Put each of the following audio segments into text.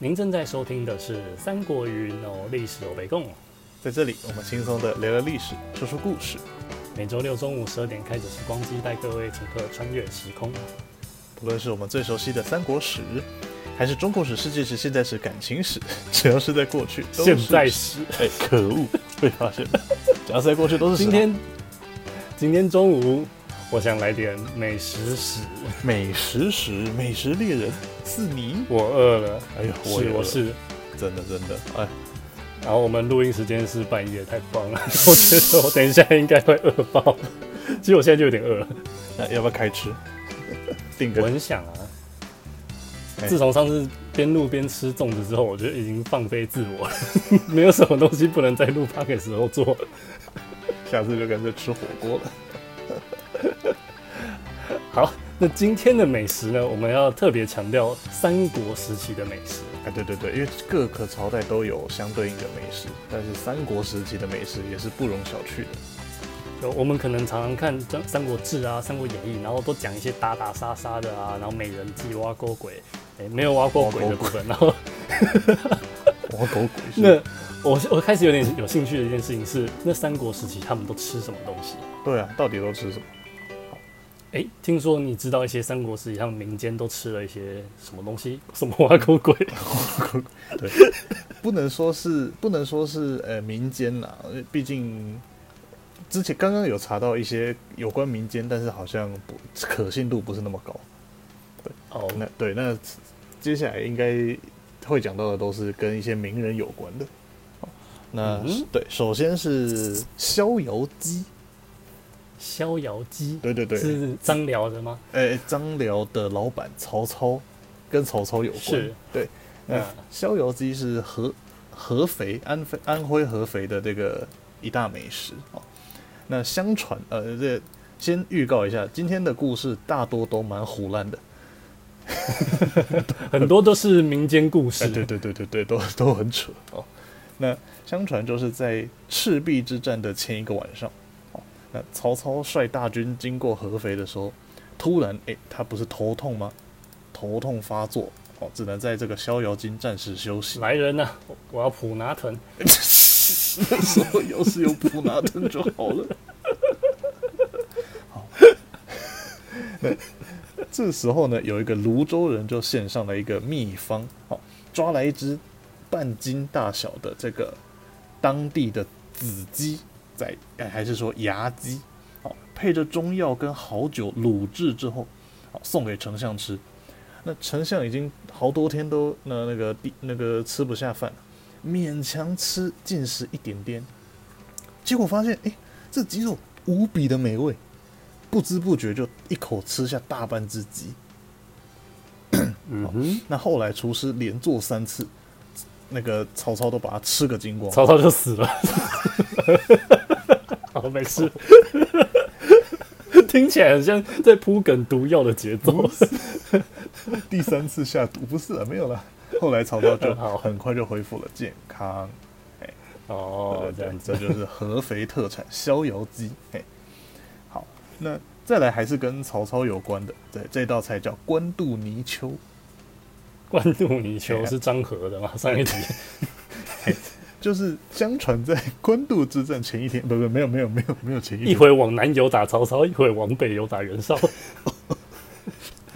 您正在收聽的是《三國瑜雲》，哦，歷史歐、哦、北共。在這裡我們輕鬆的聊聊歷史，說說故事。每週六中午十二點開著，時光機帶各位乘客穿越時空。不論是我們最熟悉的三國史，還是中國史、世界史、現代史、感情史，只要是在過去，都是現在史，哎、欸，可惡，被 發現 只要在過去都是今天，今天中午我想來點美食史，美食史，美食獵人。是你，我餓了，哎呦，是我，了我是了，真的真的，哎，然後，我們錄音時間是半夜，太棒了， 我覺得我等一下應該會餓爆， 其實我現在就有點餓了，那要不要開吃？ 定格我很想啊，嘿自從上次邊錄邊吃粽子之後，我覺得已經放飛自我了， 沒有什麼東西不能在錄 Podcast 的時候做了，下次就乾脆吃火鍋了， 好。那今天的美食呢？我們要特別強調三國時期的美食。哎，欸、對對對，因為各個朝代都有相對應的美食，但是三國時期的美食也是不容小覷的。就我們可能常常看《三國志》啊，《三國演義》，然後都講一些打打殺殺的啊，然後美人計、挖溝鬼，哎、欸，沒有挖溝鬼的部分。然後 挖狗鬼是不是，挖溝鬼。那我我開始有點有興趣的一件事情是，那三國時期他們都吃什麼東西？對啊，到底都吃什麼？哎、欸，聽說你知道一些三國史，像民間都吃了一些什麼東西？什麼花狗鬼？ 對， 不能說是，不能說是，呃，民間啦，畢竟之前剛剛有查到一些有關民間，但是好像不可信度不是那麼高。對，哦、oh.，那對，那接下來應該會講到的都是跟一些名人有關的。哦、那、嗯、哼對，首先是逍遙雞。逍遙雞，對對對，是張遼的嗎？誒，張遼的老板曹操，跟曹操有關，是，對，那逍遙那雞是合合肥安安徽合肥的這個一大美食哦。那相傳，呃，這先預告一下，今天的故事大多都蠻唬爛的， 很多都是民間故事，對對對對對，都都很扯哦。那相傳就是在赤壁之戰的前一個晚上。那曹操率大軍經過合肥的時候，突然、欸、他不是頭痛嗎？頭痛發作哦，只能在這個逍遙津暫時休息。來人吶、啊，我要普拿疼。說 要是有普拿疼就好了。 好 這時候呢，有一個廬州人就獻上了一個秘方，抓來一只半斤大小的這個當地的子雞。還是說牙雞，哦，配着中藥跟好酒滷製之後，哦，送給丞相吃。那丞相已經好多天都那那個那個吃不下飯，勉強吃進食一點點。結果發現，哎、欸，這雞肉無比的美味，不知不覺就一口吃下大半隻雞。嗯哼好，那後來廚師連做三次，那個曹操都把它吃個精光，曹操就死了。 好，沒事。好 聽起來很像在鋪梗毒藥的節奏。第三次下毒不是啦，沒有了，後來曹操就很快就恢復了健康。哎好，欸、哦，對對對，這樣子，這就是合肥特產逍遙雞。哎、欸，好，那再來還是跟曹操有關的。對，這道菜叫官渡泥鰍。官渡泥鰍是張合的嗎、欸啊、上一集。 欸就是相傳在官渡之戰前一天，不不沒有沒有沒有沒有前一天，一回往南游打曹操，一回往北游打袁紹。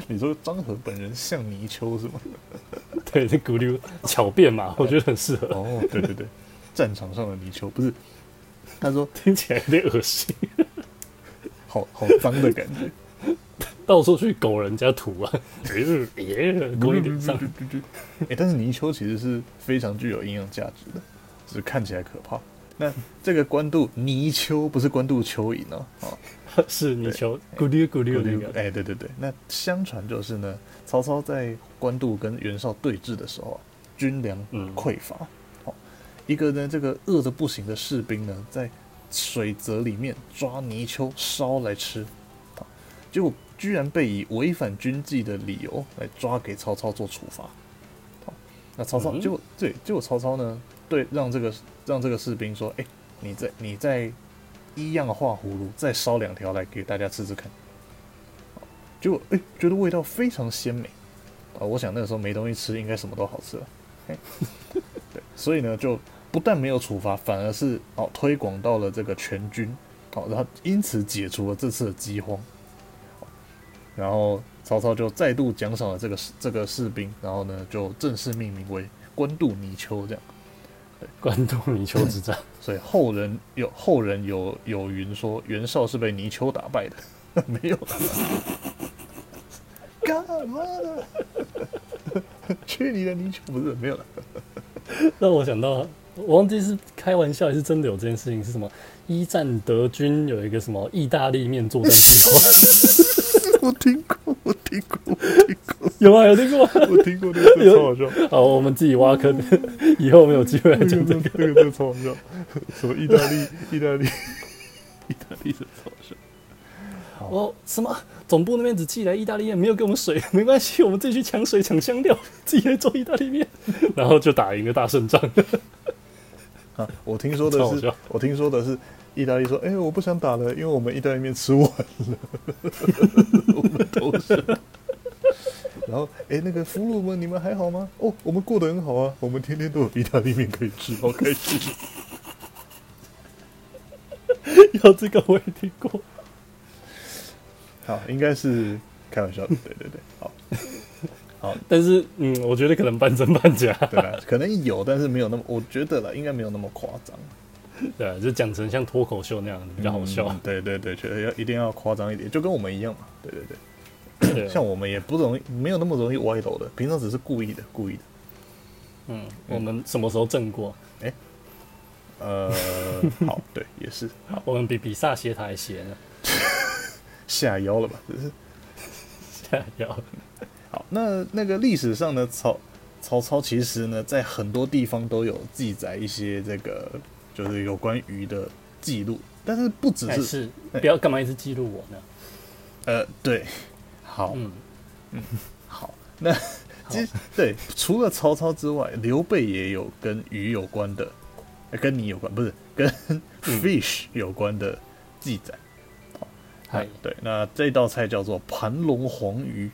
你說張郃本人像泥鰍是嗎？對，這古流巧變嘛，我覺得很適合。哦，對對對，戰場上的泥鰍不是。他說聽起來有點噁心，好好髒的感覺，到處去拱人家土啊。哎，但是泥鰍其實是非常具有營養價值的。只看起來可怕。那這個官渡泥鰍 不是官渡蚯蚓哦， 是泥鰍秋，咕溜咕溜溜的。哎，對對對。那相傳就是呢，曹操在官渡跟袁紹對峙的時候、啊、軍糧匱乏，好、嗯哦，一個呢這個餓得不行的士兵呢，在水澤裡面抓泥鰍燒來吃，結、哦、果居然被以違反軍紀的理由來抓給曹操做處罰。好、哦，那曹操、嗯、結果對，結果曹操呢？對，讓這個讓這個士兵說：“哎、欸，你在你在依樣畫葫蘆，再燒兩條來給大家吃吃看。好”結果哎、欸，覺得味道非常鮮美啊！我想那個時候沒東西吃，應該什麼都好吃了。 對，所以呢，就不但沒有處罰，反而是哦推廣到了這個全軍，好，然後因此解除了這次的飢荒好。然後曹操就再度獎賞了這個這個士兵，然後呢就正式命名為官渡泥鰍這樣。官渡泥鰍之戰，所以後人有後人有有云說袁紹是被泥鰍打敗的，沒有了，幹嘛呢？去你的泥鰍不是沒有了。讓我想到，我忘記是開玩笑還是真的有這件事情，是什麼？一戰德軍有一個什麼意大利麵作戰計劃？ 我聽過。有啊，有聽過，我聽過這個，這個超好笑。好，我們自己挖坑，以後沒有機會來講這個，這個，這個超好笑。什麼意大利，意大利，意大利的超好笑。哦、oh，什麼總部那邊只寄來意大利麵，沒有給我們水，沒關係，我們自己去搶水、搶香料，自己來做意大利麵，然後就打贏個大勝仗。好、啊，我聽說的是，我聽說的是。意大利說：“哎、欸，我不想打了，因為我們意大利麵吃完了。” 我們都是。然後，哎、欸，那個俘虜們，你們還好嗎？哦，我們過得很好啊，我們天天都有意大利麵可以吃，好開心。有這個我也聽過。好，應該是開玩笑的，對對對，好，好，但是嗯，我覺得可能半真半假，對吧？可能有，但是沒有那麼，我覺得啦，應該沒有那麼誇張。對、啊，就講成像脫口秀那樣比較好笑。嗯、對對對，覺得要一定要誇張一點，就跟我們一樣嘛。對對對， 像我們也不容易，沒有那麼容易歪頭的，平常只是故意的，故意的。嗯，嗯我們什麼時候正過？哎、欸，呃， 好，對，也是。好我們比比薩斜塔還斜呢， 下腰了吧？這是 下腰了。好，那那個歷史上的曹曹操，其實呢，在很多地方都有記載一些這個。就是有關魚的記錄，但是不只是，是、哎、不要幹嘛一直記錄我呢？呃，對，好，嗯嗯，好， 那好其實對，除了曹操之外，劉 備也有跟魚有關的，呃、跟你有關不是跟 fish 有關的記載。對，那這道菜叫做盤龍黃魚，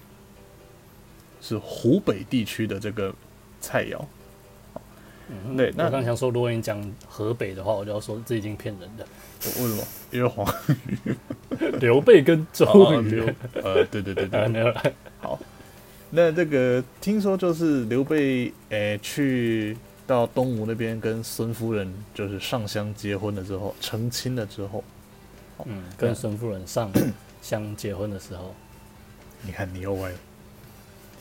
是湖北地區的這個菜肴。嗯、對，那剛才說，如果你講河北的話，我就要說這已經騙人的。為什麼？因為黃瑜劉 備跟周瑜、啊，呃，對對對對，啊、沒有了。好，那這個聽說就是劉備，誒、呃，去到東吳那邊跟孫夫人就是上香結婚的時候了之後，成親了之後，嗯，對跟孫夫人上香結婚的時候，你看你又歪了。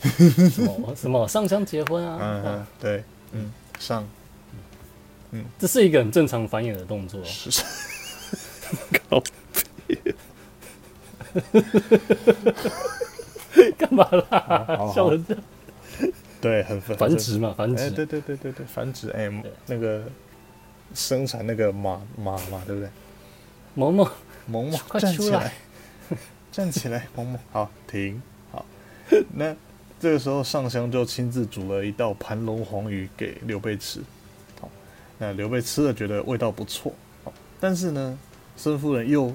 什麼什麼上香結婚啊？嗯，嗯對，嗯。上，嗯，這是一個很正常繁衍的動作。是是搞屁，靠，哈哈哈哈幹嘛啦？笑人、啊、對，很繁殖嘛，繁殖。對、欸、對對對對，繁殖 M、欸、對那個生產那個馬馬嘛，對不對？萌萌萌萌，快出來，站起來，萌萌，好停，好那。這個時候，尚香就親自煮了一道盤龍黃魚給劉備吃。好，那劉備吃了覺得味道不錯。好，但是呢，孫夫人又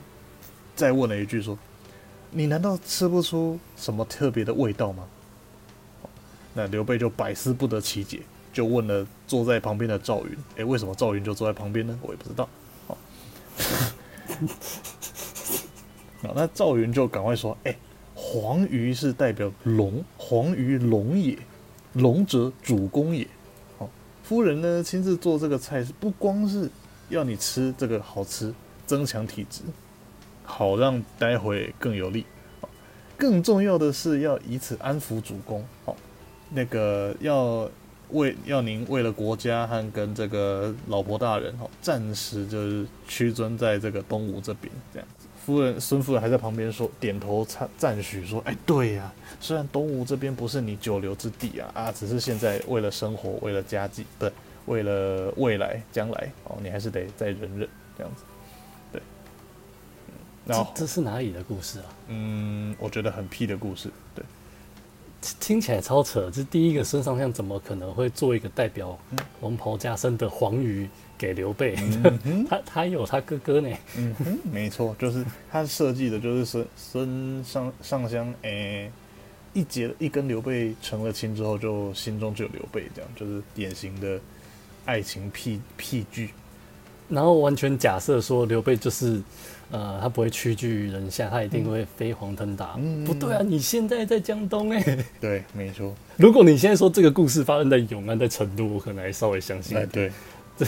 再問了一句說：“你難道吃不出什麼特別的味道嗎？”好，那劉備就百思不得其解，就問了坐在旁邊的趙雲：“哎，為什麼趙雲就坐在旁邊呢？我也不知道。”好，那趙雲就趕快說：“哎，黃魚是代表龍。”黃於龍也，龍者主公也。哦，夫人呢親自做這個菜是不光是要你吃這個好吃，增強體質，好讓待會更有力。哦，更重要的是要以此安撫主公。哦，那個要為要您為了國家和跟這個老婆大人，哦，暫時就是屈尊在這個東吳這邊這樣。夫人孫夫人還在旁邊說，點頭讚讚許說：“哎、欸，對呀、啊，雖然東吳這邊不是你久留之地啊，啊，只是現在為了生活，為了家計，對，為了未來將來，哦、喔，你還是得再忍忍，這樣子，對。然後、嗯、這，這是哪裡的故事啊？嗯，我覺得很屁的故事，對。”聽起來超扯！這第一個孫尚香怎麼可能會做一個代表龍袍加身的黃魚給劉備？嗯、哼哼 他他有他哥哥呢。嗯哼，沒錯，就是他設計的，就是孫孫尚尚香，誒、欸，一結一跟劉備成了親之後，就心中就有劉備，這樣就是典型的愛情屁屁劇。然後完全假設說劉備就是。呃，他不會屈居於人下，他一定會飛黃騰達。嗯、不對啊，你現在在江東哎、欸。對，沒錯。如果你現在說這個故事發生在永安，在成都，我可能還稍微相信一點、嗯、對，這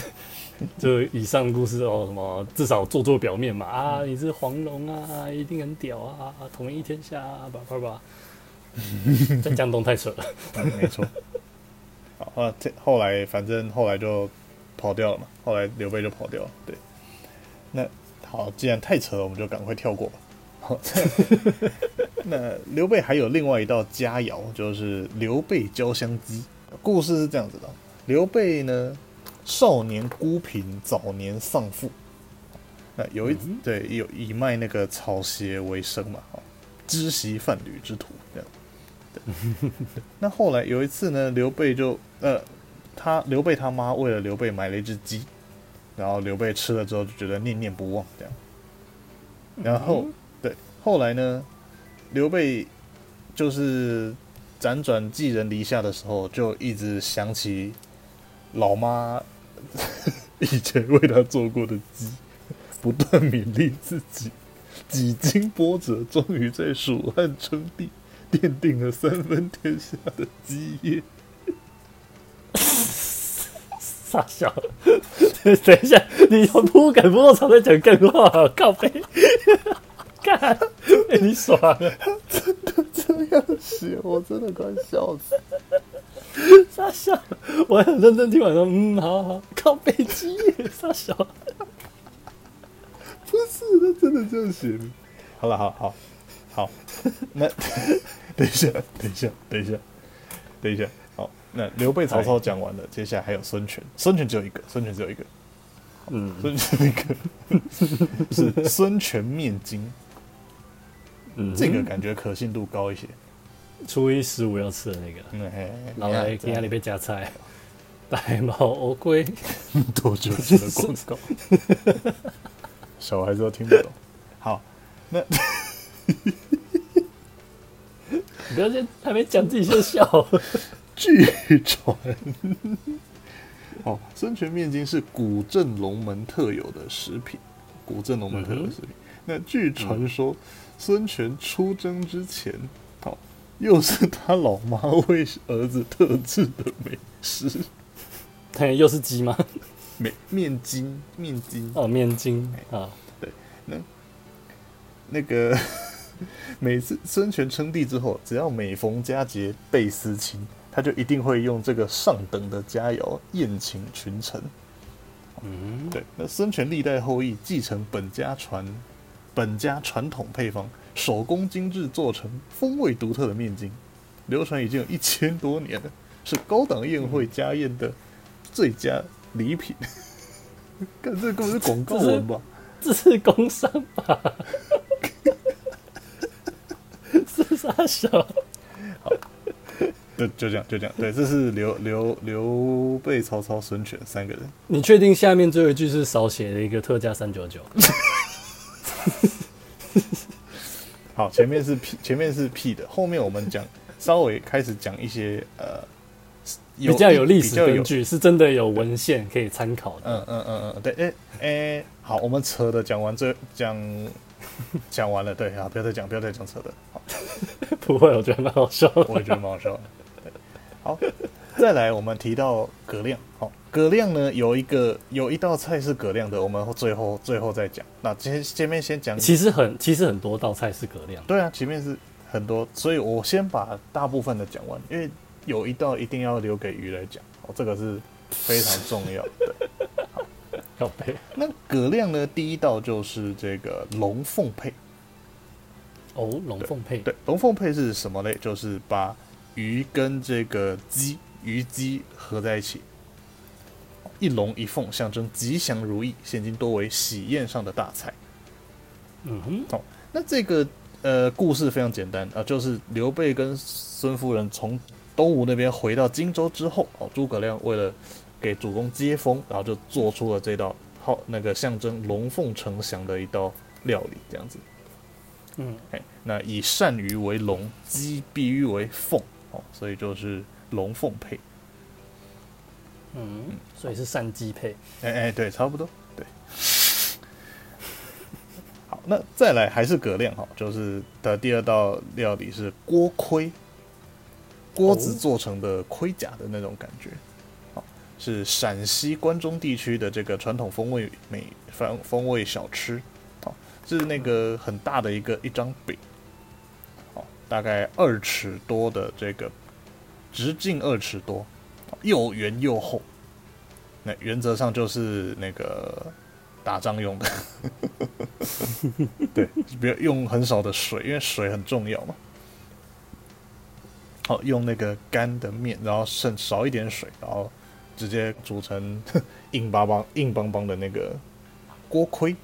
就以上故事哦，什麼至少做做表面嘛啊，你是黃龍啊，一定很屌啊，統一天下、啊、吧吧吧。 在江東太扯了。啊、沒錯。啊，這後來反正後來就跑掉了嘛，後來劉備就跑掉了。對，那。好，既然太扯了，我們就趕快跳過吧。好， 那劉備還有另外一道佳肴，就是劉備焦香雞。故事是這樣子的：劉備呢，少年孤貧，早年喪父，那有一對有以賣那個草鞋為生嘛，好，織席販履之徒這樣。那後來有一次呢，劉備就呃，他劉備他媽為了劉備買了一隻雞。然後劉備吃了之後就覺得念念不忘，這樣。然後對，後來呢，劉備就是輾轉寄人籬下的時候，就一直想起老媽以前為他做過的雞，不斷勉勵自己，幾經波折，終於在蜀漢稱帝，奠定了三分天下的基業。傻笑，等一下，你又不改不正常在講幹話，靠背，幹， 欸、你爽啊？真的這樣寫，我真的快笑死了！傻笑，我還很認真聽，完。說，嗯，好好，好，靠背機，傻笑，不是，他真的這樣寫。好了，好好好，那等一下，等一下，等一下，等一下。那劉備、曹操講完了，接下來還有孫權。孫權只有一個，孫權只有一個，嗯，孫權那個，是孫權麵筋。嗯，這個感覺可信度高一些。初一十五要吃的那個，老來給家裡邊加菜。白毛烏龜，多久是個廣告？小孩子都聽不懂。好，那不要先還沒講自己就笑。據傳，巨 哦，孫權麵筋是古鎮龍門特有的食品。古鎮龍門特有的食品。嗯、哼那據傳說，孫權、嗯、哼出征之前，哦，又是他老媽為兒子特制的美食。哎、嗯，又是雞嗎？麵麵筋，麵筋哦，麵筋啊，對。那那個 每次孫權稱帝之後，只要每逢佳節倍思親，他就一定會用這個上等的佳肴宴請群臣。嗯，對。那孫權歷代後裔繼承本家傳，本家傳統配方，手工精致做成，風味獨特的麵筋，流傳已經有一千多年了，是高檔宴會、家宴的最佳禮品。嗯、 這根本是廣告文吧？這，這是工商吧？ 是殺手。就就這樣，就這樣。對，這是劉劉劉備、曹操、孫權三個人。你確定下面最後一句是少寫了一個特價三九九？好，前面是 P，前面是 P 的，後面我們講稍微開始講一些呃，比較有歷史根據，是真的有文獻可以參考的。嗯嗯嗯嗯，對，哎、欸、哎、欸，好，我們扯的講完這講講完了，對啊，不要再講，不要再講扯的。好 不會，我覺得蠻好笑的，我也覺得蠻好笑的。好，再來我們提到葛亮。好，葛亮呢有一個有一道菜是葛亮的，我們最後最後再講。那先前,前面先講，其實很其實很多道菜是葛亮。對啊，前面是很多，所以我先把大部分的講完，因為有一道一定要留給瑜來講。哦，這個是非常重要的。 好，要配輩。那葛亮呢？第一道就是這個龍鳳配。哦，龍鳳配。對，龍鳳配是什麼呢？就是把。魚跟這個雞，魚雞合在一起，一龍一鳳，象徵吉祥如意。現今多為喜宴上的大菜。嗯哼，好、哦，那這個呃故事非常簡單啊、呃，就是劉備跟孫夫人從東吳那邊回到荊州之後，哦，諸葛亮為了給主公接風，然後就做出了這道好，那個象徵龍鳳呈祥的一道料理，這樣子。嗯，哎，那以鱔魚為龍，雞碧玉為鳳。所以就是龍鳳配，嗯，嗯，所以是三雞配，哎哎、欸欸，對，差不多，對。 好，那再來還是葛亮哈，就是的第二道料理是鍋盔，鍋子做成的盔甲的那種感覺。哦哦、是陝西關中地區的這個傳統風味美方風味小吃，啊、哦，是那個很大的一個一張餅。大概二尺多的這個直徑，二尺多，又圓又厚。那原則上就是那個打仗用的， 對，不要用很少的水，因為水很重要嘛。好，用那個乾的麵，然後剩少一點水，然後直接煮成硬邦邦、硬邦邦的那個鍋盔，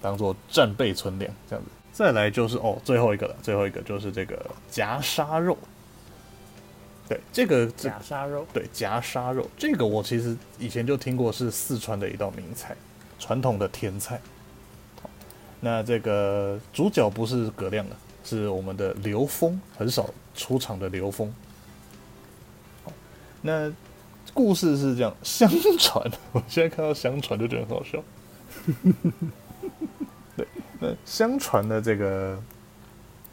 當做戰備存糧，這樣子。再來就是哦，最後一個了，最後一個就是這個夾沙肉。對，這個夾沙肉，對夾沙肉，這個我其實以前就聽過，是四川的一道名菜，傳統的甜菜。好，那這個主角不是葛亮了，是我們的劉峰，很少出場的劉峰。好，那故事是這樣，相傳， 我現在看到相傳就覺得很好笑。 那相傳的這個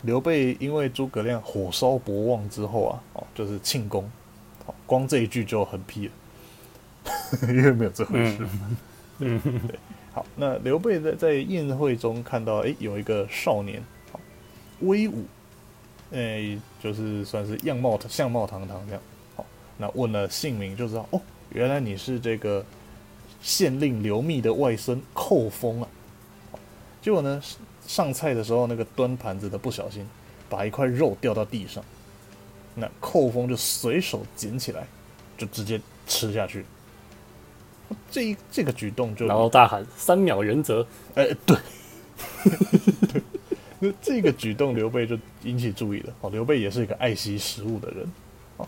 劉備，因為諸葛亮火燒博望之後啊，哦，就是慶功、哦，光這一句就很屁了，因為 沒有這回事。嗯對，對。好，那劉備在在宴會中看到，哎、欸，有一個少年，哦、威武，哎、欸，就是算是樣貌相貌堂堂這樣。好、哦，那問了姓名，就知道，哦，原來你是這個縣令劉密的外孫寇封啊。結果呢？上菜的時候，那個端盤子的不小心把一塊肉掉到地上，那寇封就隨手撿起來，就直接吃下去。這一這個舉動就然後大喊“三秒原則”。哎，對， 對，那這個舉動劉備就引起注意了。哦，劉備也是一個愛惜食物的人。哦，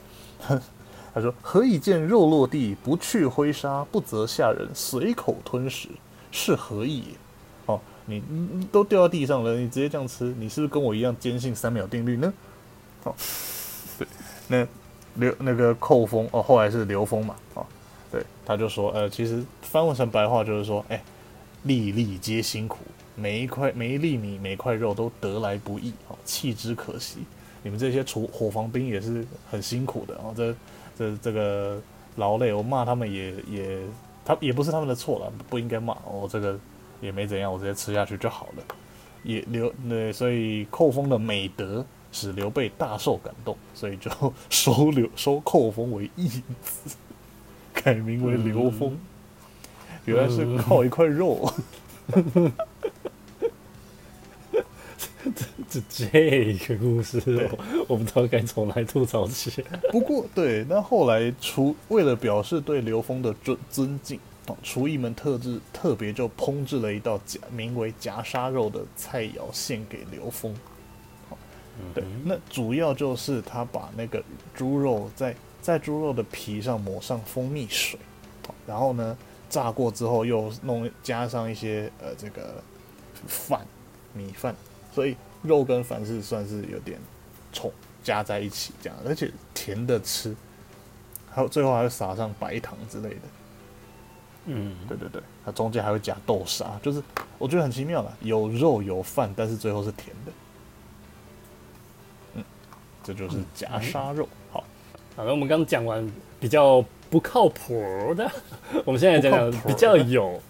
他說：“何以見肉落地不去灰沙，不責下人，隨口吞食，是何意？”你都掉到地上了，你直接這樣吃，你是不是跟我一樣堅信三秒定律呢？哦，對，那劉那個寇封哦，後來是劉封嘛，好、哦，對，他就說，呃，其實翻譯成白話就是說，哎，粒粒皆辛苦，每一塊每一粒米每塊肉都得來不易，好、哦，棄之可惜。你們這些廚伙房兵也是很辛苦的、哦、這這這個勞累，我罵他們也也他也不是他們的錯了，不應該罵哦，這個。也沒怎樣，我直接吃下去就好了。也劉那所以寇封的美德使劉備大受感動，所以就收劉收寇封為義子，改名為劉封。原來、嗯、是靠一塊肉。這這這這個故事我，對我們不知道該從哪吐槽起？不過對，那後來出為了表示對劉封的尊尊敬。廚藝們特製特別，就烹製了一道夾名為夾沙肉的菜餚獻給劉峰。對，嗯、哼那主要就是他把那個豬肉在在豬肉的皮上抹上蜂蜜水，然後呢炸過之後又弄加上一些呃這個飯米飯，所以肉跟飯是算是有點重加在一起這樣，而且甜的吃，還有最後還要撒上白糖之類的。嗯，對對對，它中間還會夾豆沙，就是我覺得很奇妙的，有肉有飯，但是最後是甜的。嗯，這就是夾沙肉。嗯、好，好了，我們剛講完比較不靠譜的，靠 我們現在講、講比較有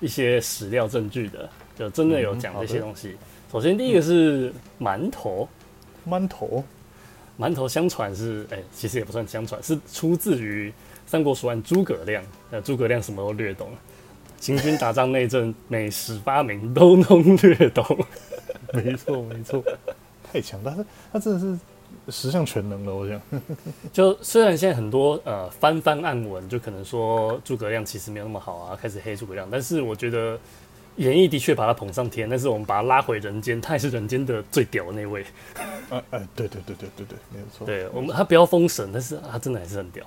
一些史料證據的，就真的有講這些東西。嗯、首先第一個是饅頭，饅頭、嗯，饅頭，饅頭相傳是哎、欸，其實也不算相傳，是出自於。三國蜀漢諸葛亮，呃，諸葛亮什麼都略懂，行軍打仗內政，每十八名都能略懂， 沒錯沒錯， 太強大。他，他真的是十項全能了。我想， 就雖然現在很多呃翻翻案文，就可能說諸葛亮其實沒有那麼好啊，開始黑諸葛亮，但是我覺得演義的確把他捧上天，但是我們把他拉回人間，他也是人間的最屌的那位。哎、 啊、哎，對對對對對對，沒有錯。對我們他不要封神， 但是，啊，他真的還是很屌。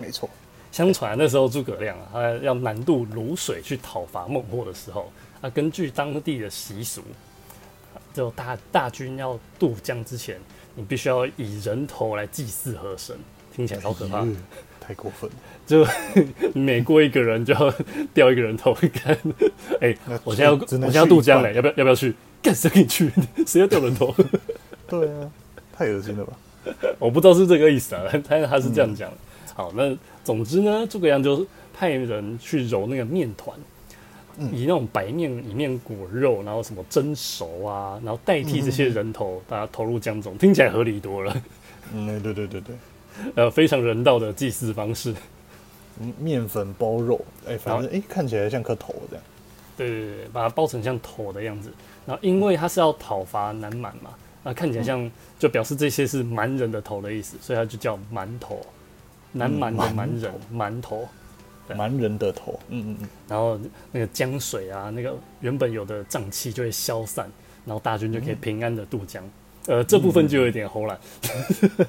沒錯，相傳那時候諸葛亮、啊、他要南渡瀘水去討伐孟獲的時候，他、啊、根據當地的習俗，就大大軍要渡江之前，你必須要以人頭來祭祀河神，聽起來好可怕，哎、太過分了，就每過一個人就要掉一個人頭。你看，哎，我現在要我現在要渡江了，要不要，要不要去？幹誰去？誰要掉人頭？對啊，太噁心了吧？ 我不知道是不是這個意思啊，他他是這樣講。嗯好，那總之呢，諸葛亮就派人去揉那個麵團，以那種白麵裡面裹肉，然後什麼蒸熟啊，然後代替這些人頭，把它、嗯、哼投入江中，聽起來合理多了。嗯，對對對對，呃，非常人道的祭祀方式。嗯，麵粉包肉，哎、欸，反正哎後、欸，看起來像顆頭這樣。對對對，把它包成像頭的樣子。然後因為它是要討伐南蠻嘛，嗯、那看起來像、嗯、就表示這些是蠻人的頭的意思，所以它就叫饅頭。南蠻的蠻人蠻、嗯、頭，蠻人的頭，嗯嗯嗯，然後那個江水啊，那個原本有的瘴氣就會消散，然後大軍就可以平安的渡江。嗯、呃，這部分就有一點唬爛。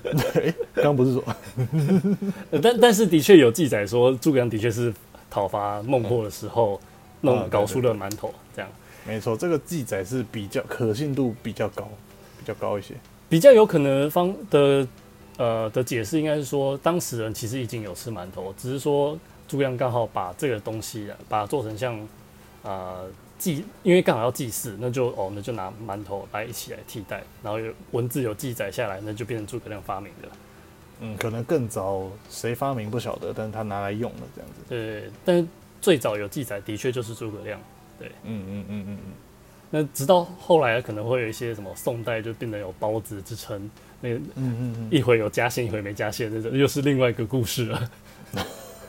嗯、 對，剛不是說， 呃、但但是的確有記載說，諸葛亮的確是討伐孟獲的時候、嗯、弄搞出了饅頭對對對對這樣。沒錯，這個記載是比較可信度比較高，比較高一些，比較有可能方的。呃的解釋應該是說，當時人其實已經有吃饅頭，只是說諸葛亮剛好把這個東西啊，把它做成像啊、呃、祭，因為剛好要祭祀，那就哦那就拿饅頭來一起來替代，然後有文字有記載下來，那就變成諸葛亮發明的。嗯，可能更早誰發明不曉得，但是他拿來用了這樣子。對，但是最早有記載的確就是諸葛亮。對，嗯嗯嗯嗯嗯。嗯嗯嗯那直到後來可能會有一些什麼宋代就變得有包子之稱。那嗯嗯嗯，一會有加餡，一會沒加餡，這、那個、又是另外一個故事了。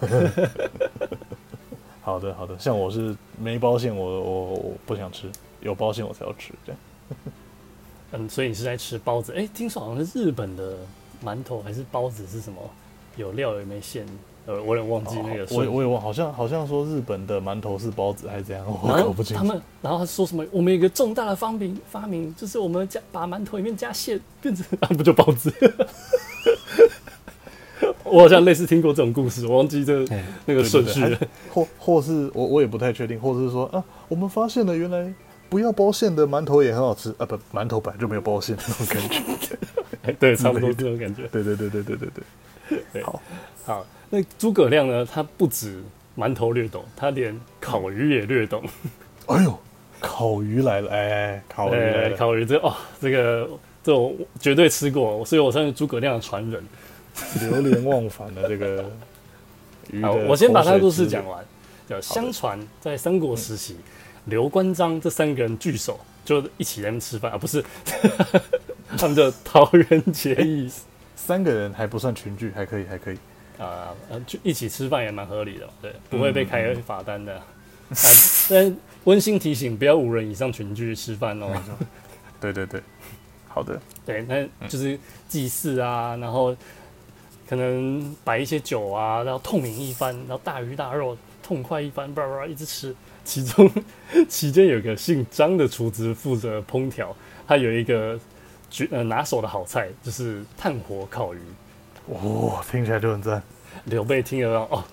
好的好的，像我是沒包餡，我我我不想吃，有包餡我才要吃，這樣。 嗯，所以你是在吃包子？哎、欸，聽說好像是日本的饅頭還是包子是什麼？有料有沒有餡？呃，我也忘,忘記那個，我也我也忘，好像好像說日本的饅頭是包子還是怎樣，我搞、哦、何不清楚。然後他們，然後他說什麼？我們有一個重大的發明，發明就是我們加把饅頭裡面加餡，變成啊，不就包子？ 我好像類似聽過這種故事，我忘記這個、唉那個順序了。對對對，或或是我我也不太確定，或者是說啊，我們發現了原來不要包餡的饅頭也很好吃啊，不饅頭本來就沒有包餡那種感覺。對，差不多這種感覺。對,對對對對對對對。對好，好。那諸葛亮呢？他不止饅頭略懂，他連烤魚也略懂。 哎呦，烤魚來了！哎,哎，烤魚來了、欸，烤魚、這個，這哦，這個這個、我絕對吃過。所以我算是諸葛亮的傳人，流連忘返的這個。 好，我先把他的故事講完。講的，相傳在三國時期，劉、嗯、關張這三個人聚首，就一起在那邊吃飯啊？不是， 他們叫桃園結義， 三個人還不算群聚，還可以，還可以。啊、呃，就一起吃飯也蠻合理的，對，不會被開罰單的。啊，但溫馨提醒，不要五人以上群聚吃飯哦。 對對對，好的。對，那就是祭祀啊，然後可能擺一些酒啊，然後痛飲一番，然後大魚大肉，痛快一番，叭叭一直吃。其中期間有個姓張的廚子負責烹調，他有一個絕呃拿手的好菜，就是炭火烤魚。哦，聽起來就很讚。劉備聽了，哦，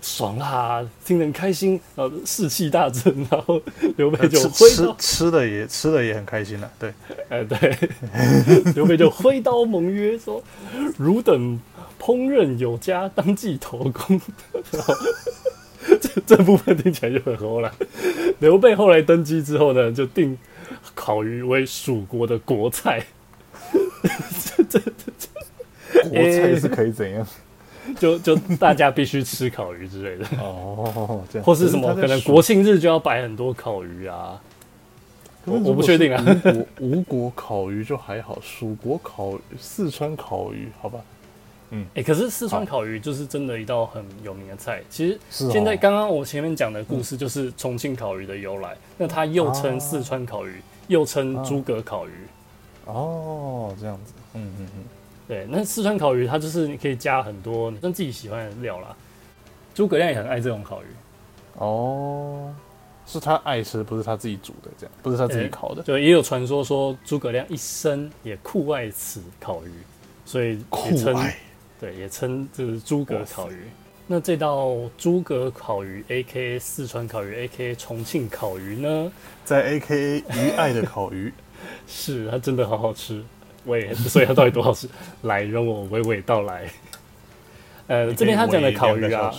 爽啊，聽得很開心，然、啊、後士氣大振，然後劉備就揮刀吃吃的也吃的也很開心了、啊。對，哎、欸、對，劉備 就揮刀盟約說：“汝等烹飪有加，當記頭功。”然後 這這部分聽起來就很好了。劉備後來登基之後呢，就定烤魚為蜀國的國菜。這這這。國菜是可以怎樣？欸、就就大家必須吃烤魚之類的哦，這樣或是什麼？可,可能國慶日就要擺很多烤魚啊。我不確定啊。吳國烤魚就還好， 蜀國烤魚、四川烤魚，好吧。嗯，哎、欸，可是四川烤魚就是真的一道很有名的菜。哦、其實現在剛剛我前面講的故事就是重慶烤魚的由來，嗯、那它又稱四川烤魚，啊、又稱諸葛烤魚、啊。哦，這樣子。嗯嗯嗯。嗯對，那四川烤魚它就是你可以加很多你跟自己喜歡的料啦。諸葛亮也很愛這種烤魚。哦，是他愛吃，不是他自己煮的，這樣不是他自己烤的。欸，就也有傳說說諸葛亮一生也酷愛吃烤魚，所以也稱酷愛。對，也稱就是諸葛烤魚。哇塞。那這道諸葛烤魚，A K 四川烤魚，A K 重慶烤魚呢，在 A K A 魚愛的烤魚， 是它真的好好吃。喂，所以它到底多好吃？ 來，讓我娓娓道來。呃，可這邊他講的烤魚啊，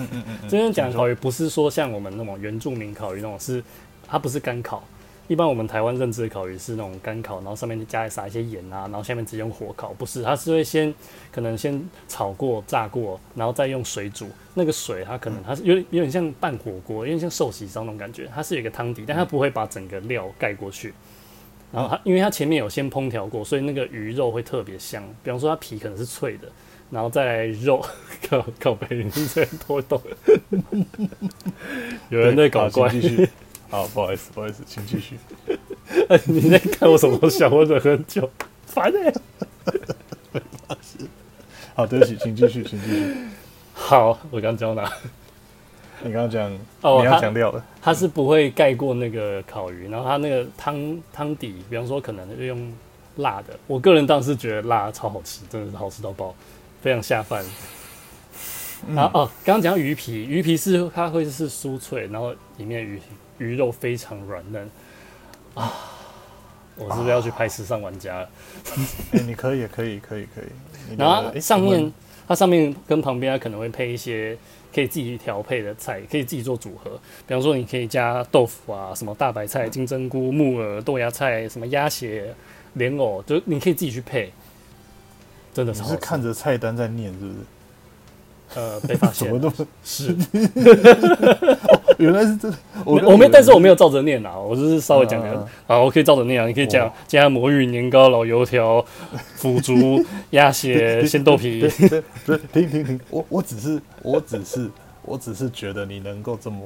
這邊講的烤魚不是說像我們那種原住民烤魚那種，是它不是乾烤。一般我們台灣認知的烤魚是那種乾烤，然後上面加撒一些鹽啊，然後下面直接用火烤。不是，它是會先可能先炒過、炸過，然後再用水煮。那個水它可能、嗯、它是有點有點像拌火鍋，有點像壽喜燒那種感覺，它是有一個湯底，但它不會把整個料蓋過去。嗯然後它，因為它前面有先烹調過，所以那個魚肉會特別香。比方說，它皮可能是脆的，然後再來肉。靠，靠北人雲在拖動， 有人在搞怪。好，繼續。好，不好意思，不好意思，請繼續、欸。你在看我什麼想？我在喝酒，煩哎、欸。沒發現。好，對不起，請繼續，請繼續。好，我剛交納。你剛剛講，oh, 你要強調的，它是不會蓋過那個烤魚，嗯、然後它那個湯湯底，比方說可能就用辣的。我個人當時覺得辣超好吃，真的是好吃到爆，非常下飯。嗯、然後哦，剛剛講魚皮，魚皮是它會是酥脆，然後裡面魚魚肉非常軟嫩。啊，我是不是要去拍時尚玩家了？哇、 欸、你可以，可以，可以，可以。然後誒上面，它上面跟旁邊可能會配一些可以自己調配的菜，可以自己做組合。比方說，你可以加豆腐啊，什麼大白菜、金針菇、木耳、豆芽菜，什麼鴨血、蓮藕，就你可以自己去配。真的，你是看着菜單在念，是不是？呃，被發現。 什麼東都西？是。 原來是這，我我沒，但是我沒有照着念吶，我就是稍微講講。啊，好，我可以照着念啊，你可以講加下魔芋年糕、老油條、腐竹、鴨血、鮮豆皮。對，停停停，我我只是我只是我只是覺得你能夠這麼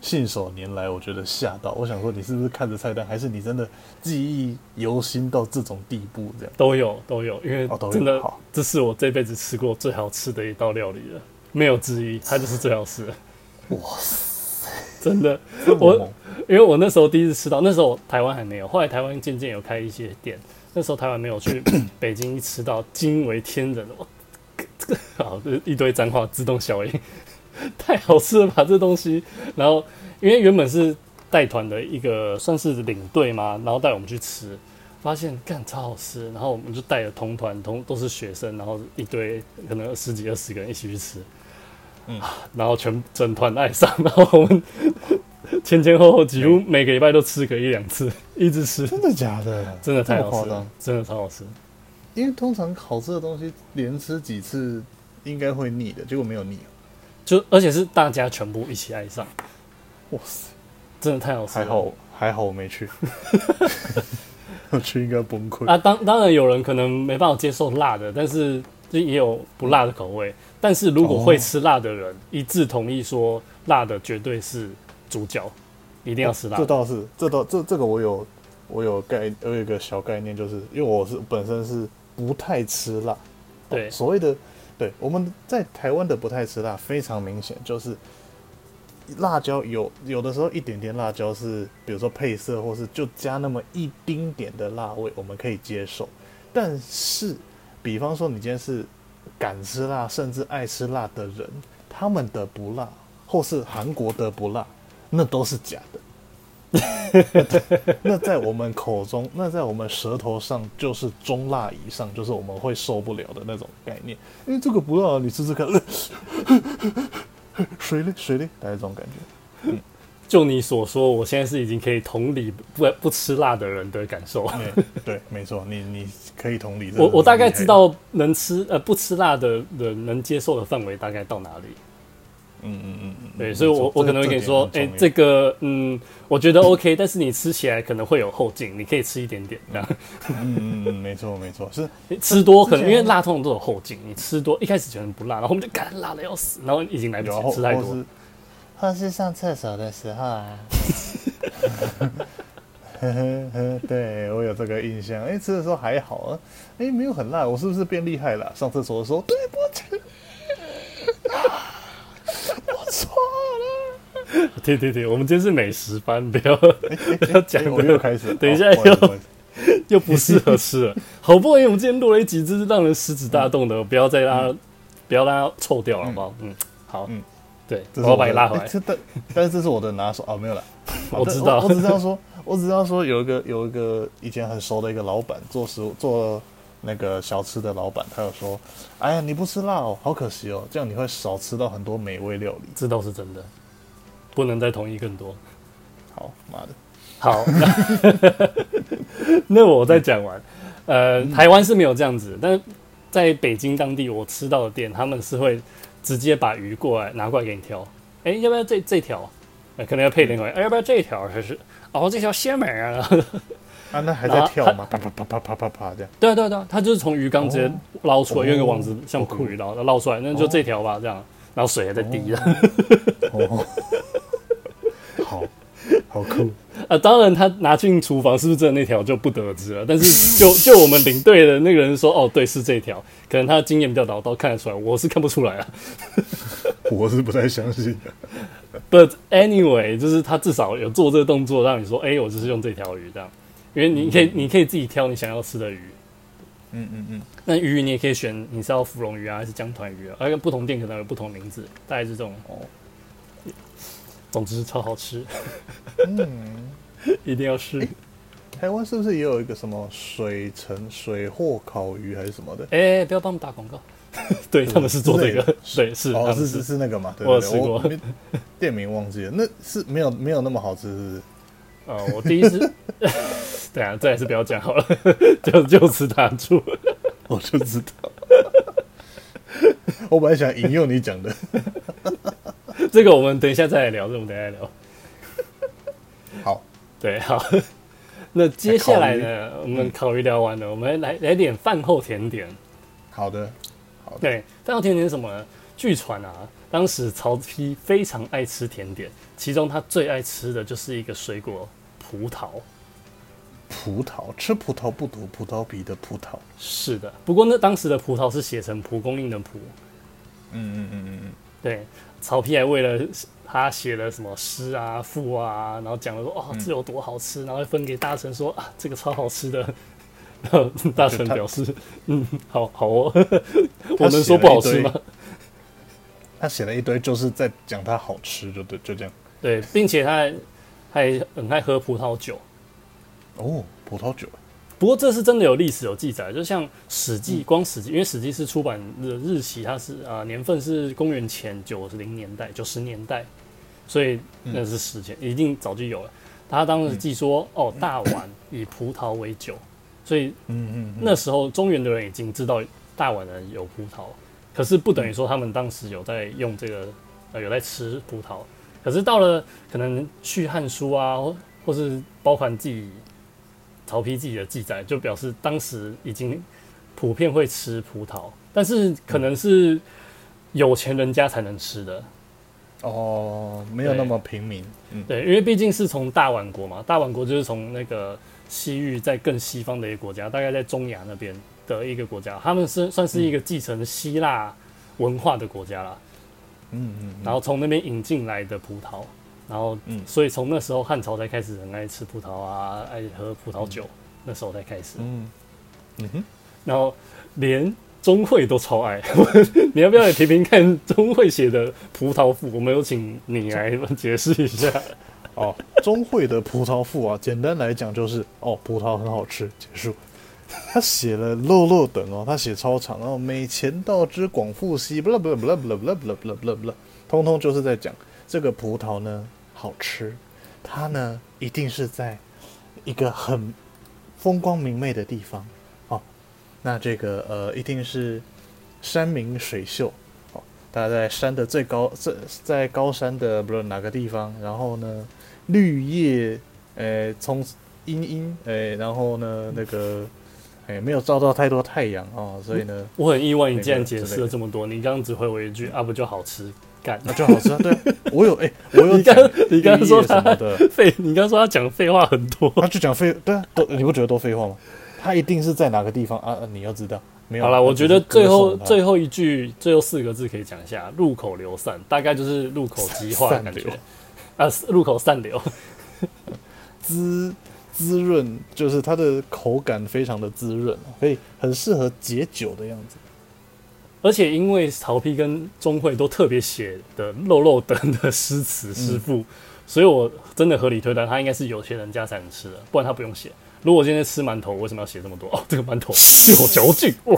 信手拈來，我覺得嚇到。我想說，你是不是看着菜單，還是你真的記憶猶新到這種地步？這樣都有都有，因為真的，這是我這輩子吃過最好吃的一道料理了，沒有之一，它就是最好吃的。哇塞！ 真的，我因為我那時候第一次吃到，那時候台灣還沒有，後來台灣漸漸有開一些店。那時候台灣沒有，去北京一吃到，驚為天人！哇，這個好，這一堆髒話自動消音，太好吃了吧這東西。然後因為原本是帶團的一個算是領隊嘛，然後帶我們去吃，發現幹超好吃。然後我們就帶了同團同都是學生，然後一堆可能十幾二十個人一起去吃。嗯，然後全整團愛上，然後我們前前後後幾乎每個禮拜都吃個一兩次，嗯、一直吃。真的假的？真的太好吃了！真的超好吃。因為通常好吃的東西連吃幾次應該會膩的，結果沒有膩，就而且是大家全部一起愛上。哇塞，真的太好吃了。還好還好我沒去， 我去應該崩潰。啊，當當然有人可能沒辦法接受辣的，但是。所以也有不辣的口味，嗯、但是如果會吃辣的人、哦、一致同意說，辣的絕對是主角，一定要吃辣的、哦。這倒是，這倒這這個我有我有概我有一個小概念，就是因為我是本身是不太吃辣，哦、對所謂的對我們在台灣的不太吃辣非常明顯，就是辣椒有有的時候一點點辣椒是，比如說配色或是就加那麼一丁點的辣味，我們可以接受，但是。比方說，你今天是敢吃辣，甚至愛吃辣的人，他們的不辣，或是韓國的不辣，那都是假的。 那在我們口中，那在我們舌頭上，就是中辣以上，就是我們會受不了的那種概念。哎，這個不辣，啊，你試試看 水。水嘞？水嘞？大家這種感覺。嗯，就你所說，我現在是已經可以同理不不吃辣的人的感受。 嗯、對，沒錯，你你。可以同理的。我我大概知道能吃呃不吃辣的人能接受的範圍大概到哪裡。嗯嗯嗯，對，所以，我我可能會跟你說，哎，這個，嗯，我覺得 OK，但是你吃起來可能會有後勁，你可以吃一點點。嗯嗯，沒錯沒錯，是吃多可能因為辣通常都有後勁，你吃多一開始覺得不辣，然後我們就幹辣的要死，然後已經來不及吃太多。或是上廁所的時候啊。呵呵呵， 對我有這個印象。哎、欸，吃的時候還好啊，哎、欸，沒有很辣。我是不是變厲害了、啊？上廁所的時候，對， 對不起，我錯了。對對對，我們今天是美食班，不要不要講、欸欸欸欸。我又開始了，等一下又、哦、我又， 又不適合吃了。好不容易我們今天錄了一集真是讓人食指大動的，嗯、不要再讓它、嗯、不要讓它臭掉了，好不好？嗯，嗯，好，嗯。對，這是我老闆把你拉回來。但、欸、 但是這是我的拿手哦、啊，沒有啦。啊、我知道，我，我只知道說，我只知道說。有一個有一個以前很熟的一個老闆，做食做那個小吃的老闆，他有說：“哎呀，你不吃辣哦，好可惜哦，這樣你會少吃到很多美味料理。”這倒是真的，不能再同意更多。好媽的，好。 那我再講完。呃，嗯、台灣是沒有這樣子，但在北京當地，我吃到的店他們是會。直接把魚過來拿過來給你挑，哎、欸，要不要這這條、欸，可能要配另外。哎、嗯欸，要不要這條還是，哦，這條鮮美啊！那那還在跳嗎？啊、啪啪啪啪啪啪啪的。對對對，它就是從魚缸直接撈出來，哦、用一個網子、哦、像捕魚撈撈出來，那就這條吧，哦、這樣，然後水還在滴着。哦，好。好酷啊！當然，他拿進廚房是不是真的那條就不得而知了。但是就，就就我們領隊的那個人說， 哦，對，是這條。可能他的經驗比較老道，看得出來，我是看不出來啊。 我是不太相信、啊。的。 But anyway，就是他至少有做這個動作，讓你說，哎、欸，我就是用這條魚這樣。因為你可以，嗯嗯你可以自己挑你想要吃的魚。嗯嗯嗯。那魚你也可以選，你是要芙蓉魚啊，還是江團魚啊？而、啊、不同店可能有不同名字，大概是這種。哦。總之是超好吃。 嗯，一定要試。台灣是不是也有一個什麼水城水貨烤魚還是什麼的？哎，不要幫我們打廣告。對，他們是做這個。水是哦，是是是那個嘛。我有吃過，店名忘記了。那是沒有沒有那麼好吃，是不是？啊，我第一次。對啊，這還是不要講好了，就就此打住。我就知道，我本來想引用你講的。這個我們等一下再來聊，等我們再來聊。對，好。那接下來呢？考我們烤魚聊完了，嗯、我們來來點飯後甜點。好的，好的。對，飯後甜點是什麼呢？據傳啊，當時曹丕非常愛吃甜點，其中他最愛吃的就是一個水果——葡萄。葡萄，吃葡萄不吐葡萄皮的葡萄。是的。不過那當時的葡萄是寫成蒲公英的蒲。嗯嗯嗯嗯。對，曹丕還為了。他寫了什麼詩啊、賦啊，然後講了說：“哦，這有多好吃！”嗯、然後分給大臣說：“啊，這個超好吃的。”然後大臣表示：“嗯，好好哦。”我能說不好吃嗎？他寫了一堆， 他寫了一堆就是在講他好吃，就對，就這樣。對，並且他他也很愛喝葡萄酒。哦，葡萄酒。不過這是真的有歷史有記載，就像《史記》嗯、光《史記》，因為《史記》是出版的日期，它是啊、呃、年份是公元前九零年代九十年代。所以那是史前，嗯、一定早就有了。他當時記說，嗯、哦，大宛以葡萄為酒。所以，嗯嗯，嗯嗯，那時候中原的人已經知道大宛人有葡萄，可是不等於說他們當時有在用這個，呃，有在吃葡萄。可是到了可能續《漢書》啊，或或是包括自己曹丕自己的記載，就表示當時已經普遍會吃葡萄，但是可能是有錢人家才能吃的。嗯哦，沒有那麼平民，對，嗯、對，因為畢竟是從大宛國嘛，大宛國就是從那個西域，在更西方的一個國家，大概在中亞那邊的一個國家，他們是算是一個繼承希臘文化的國家啦。嗯嗯，然後從那邊引進來的葡萄，然後，嗯、然後所以從那時候漢朝才開始很愛吃葡萄啊，愛喝葡萄酒，嗯、那時候才開始，嗯嗯哼，然後連。鍾會都超愛， 你要不要也評評看鍾會寫的《葡萄賦》？我們有請你來解釋一下中哦。鍾會的《葡萄賦》啊，簡單來講就是哦，葡萄很好吃，結束。他寫了“肉肉等”哦，他寫超長，然後美乾道之廣覆兮，不不啦不啦不啦不啦不啦不啦不啦，通通就是在講這個葡萄呢好吃，它呢一定是在一個很風光明媚的地方。那這個呃，一定是山明水秀哦。大家在山的最高，在在高山的，不論哪個地方。然後呢，綠葉誒蔥茵茵誒，然後呢那個誒、欸、沒有照到太多太陽啊、哦，所以呢，我很意外你竟然解釋了這麼多。你剛剛只回我一句啊，不就好吃干？那、啊、就好吃、啊，對。我有誒、欸，我有你剛剛。你剛你剛說什麼？廢？你剛說他講廢話很多。他就講廢，對，多、啊、你不覺得多廢話嗎？他一定是在哪個地方啊。你要知道，沒有好啦啦。嗯、我覺得最後最後一句最後四個字可以講一下，入口流散，大概就是入口即化的感覺。流啊，入口散流， 滋滋潤，就是它的口感非常的滋潤，所以很適合解酒的樣子。而且因為曹丕跟鍾會都特別寫的肉肉等的詩詞詩賦，嗯、所以我真的合理推斷，他應該是有錢人家才能吃的，不然他不用寫。如果今天吃饅頭，為什麼要寫這麼多？哦，這個饅頭有嚼勁哦，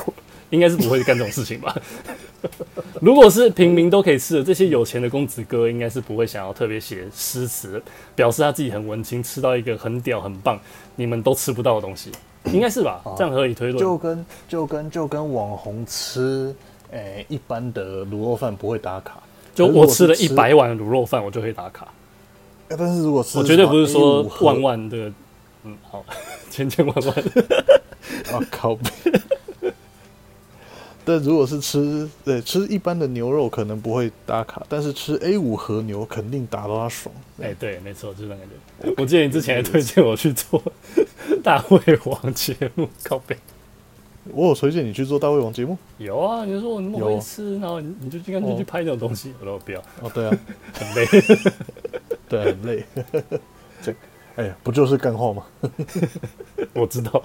應該是不會去幹這種事情吧？ 如果是平民都可以吃的，這些有錢的公子哥應該是不會想要特別寫詩詞，表示他自己很文青，吃到一個很屌很棒，你們都吃不到的東西，應該是吧？好這樣可以推論，就跟就跟就跟網紅吃、欸、一般的滷肉飯不會打卡，就我吃了一百碗滷肉飯我就會打卡、欸，但是如果是我絕對不是說萬萬的，嗯，好。千千萬萬 啊，啊靠背！ 但如果是吃對吃一般的牛肉，可能不會打卡；但是吃 A 五和牛，肯定打到他爽。哎、欸，對，沒錯，就是那感覺。我記得你之前還推薦我去做大胃王節目，靠背。我有推薦你去做大胃王節目？有啊，你就說我那麼會吃，然後你，你就去乾脆去拍那種東西。我都不要。哦，對啊， 很累。 對、啊，很累。這。 哎呀，不就是乾貨嗎？ 我知道。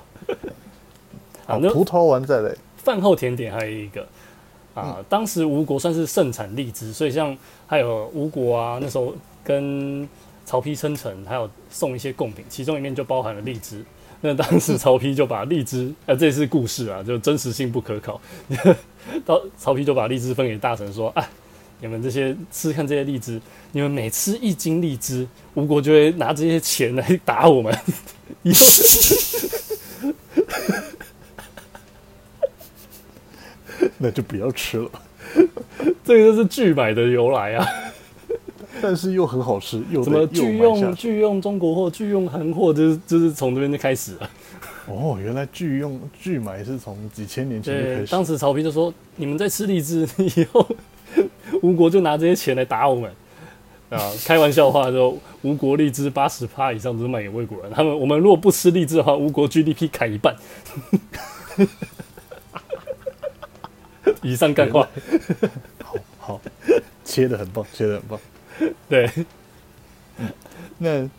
啊 好，哦、那葡萄丸在嘞。飯後甜點還有一個啊。呃嗯、當時吳國算是盛產荔枝，所以像還有吳國啊，那時候跟曹丕稱臣，還有送一些貢品，其中一面就包含了荔枝。那當時曹丕就把荔枝，啊、呃，這是故事啊，就真實性不可考。 到曹丕就把荔枝分給大臣說，哎、啊。你們這些吃看這些荔枝，你們每吃一斤荔枝，吳國就會拿這些錢來打我們。以後，那就不要吃了。這個就是拒買的由來啊。但是又很好吃，又，又怎麼拒用拒用中國貨拒用韓貨，就是，就是就是從這邊就開始了，啊。哦，原來拒用拒買是從幾千年前就開始。當時曹丕就說：“你們在吃荔枝以後。”吳國就拿這些錢來打我們啊！開玩笑話說，吳 國荔枝八十趴以上都是賣給魏國人。他們我們如果不吃荔枝的話，吳國 GDP 砍一半。 以上幹話，好好，好切得很棒，切得很棒。對，嗯、那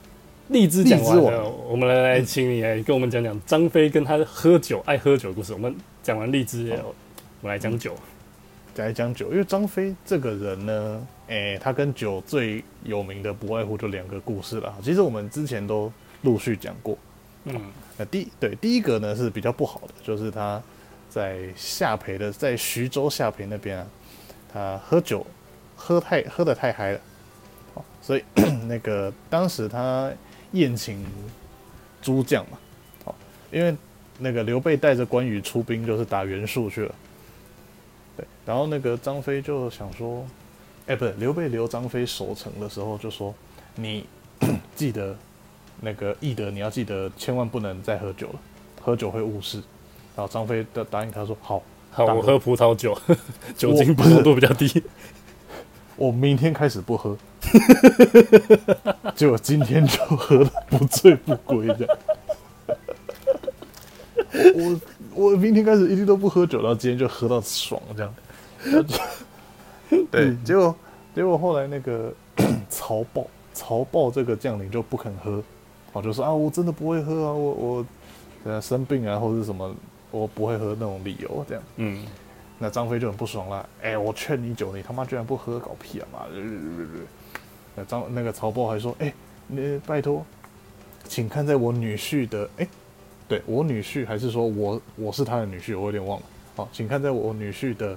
荔枝講完枝我，我們來來請你來跟我們講講張飛跟他喝酒、嗯、愛喝酒的故事。我們講完荔枝，好我們來講酒。來講酒，因為張飛這個人呢，哎、欸，他跟酒最有名的不外乎就兩個故事了。其實我們之前都陸續講過，嗯，那第對第一個呢是比較不好的，就是他在下邳的，在徐州下邳那邊啊，他喝酒喝太喝得太嗨了，好，所以 那個當時他宴請諸將嘛，因為那個劉備帶着關羽出兵就是打袁術去了。然後那個張飛就想說，哎，不是劉備留張飛守城的時候就說，你記得那個翼德，你要記得千萬不能再喝酒了，喝酒會誤事。然後張飛答應他說，好，好，了我喝葡萄酒，酒精濃度比較低我我明天開始不喝， 結果今天就喝了，不醉不歸的。我我我明天開始一定都不喝酒，然後今天就喝到爽這樣。 對，對結果、嗯、結果後來那個曹豹， 曹豹這個將領就不肯喝，好，就說啊，我真的不會喝啊，我我呃生病啊，或是什麼，我不會喝那種理由這樣。嗯，那張飛就很不爽啦。哎、欸，我勸你酒，你他媽居然不喝，搞屁啊嘛！對對對對，那張那個曹豹還說，哎、欸，你、呃、拜託，請看在我女婿的哎。欸對我女婿，還是說我我是他的女婿，我有點忘了。好、哦，請看在我女婿的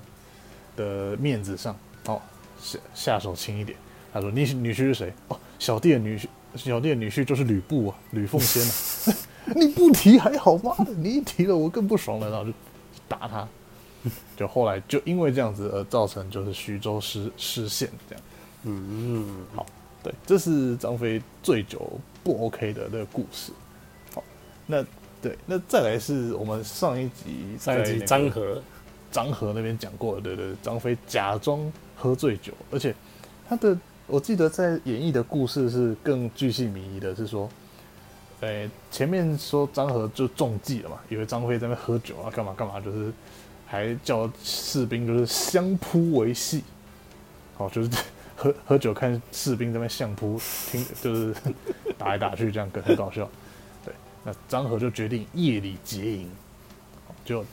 的面子上，好、哦、下下手輕一點。他說：“你女婿是誰？”哦，小弟的女婿，小弟的女婿就是呂布啊，呂奉先吶。 你不提還好媽的， 你一提了我更不爽了，然後就，就打他。就後來就因為這樣子而造成就是徐州失失陷這樣。嗯，好，對，這是張飛醉酒不 OK 的那個故事。好，那。對，那再來是我們上一集上一集，張郃張郃那邊講過，的，對對，對，張飛假裝喝醉酒，而且他的我記得在演義的故事是更巨細靡遺的，是說，誒、欸，前面說張郃就中計了嘛，以為張飛在那喝酒啊幹嘛幹嘛，就是還叫士兵就是相撲為戲，好，就是喝喝酒看士兵在那邊相撲，聽就是打來打去這樣很搞笑。那張郃就決定夜裡劫營，就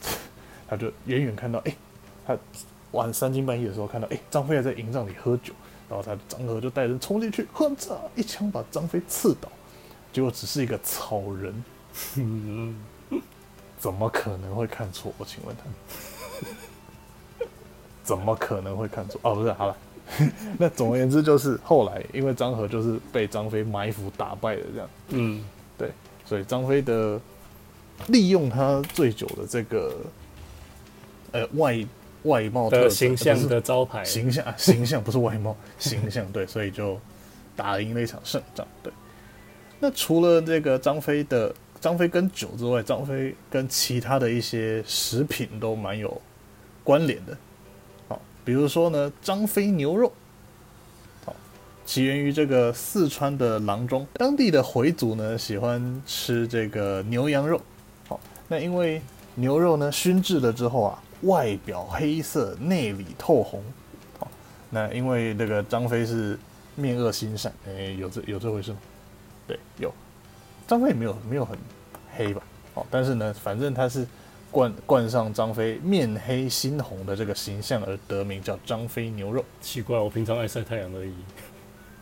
他就遠遠看到，哎、欸，他晚三更半夜的時候看到，哎、欸，張飛還在營帳裡喝酒，然後他張郃就帶人衝進去哼，哐嚓一槍把張飛刺倒，結果只是一個草人 怎，怎麼可能會看錯？我請問他怎麼可能會看錯？哦，不是，好了， 那總而言之就是後來因為張郃就是被張飛埋伏打敗的，這樣，嗯，對。對張飛的利用，他醉酒的這個，呃外外貌的形象的招牌、呃、形象形象不是外貌 形象，對，所以就打贏了一場勝仗。對，那除了這個張飛的張飛跟酒之外，張飛跟其他的一些食品都蠻有關聯的，好，比如說呢，張飛牛肉。起源於這個四川的閬中，當地的回族呢喜歡吃這個牛羊肉。好、哦，那因為牛肉呢燻製了之後啊，外表黑色，內裡透紅。好、哦，那因為那個張飛是面惡心善，誒、欸，有這有這回事嗎？對，有。張飛也沒有沒有很黑吧？好、哦，但是呢，反正他是冠冠上張飛面黑心紅的這個形象而得名，叫張飛牛肉。奇怪，我平常愛曬太陽而已。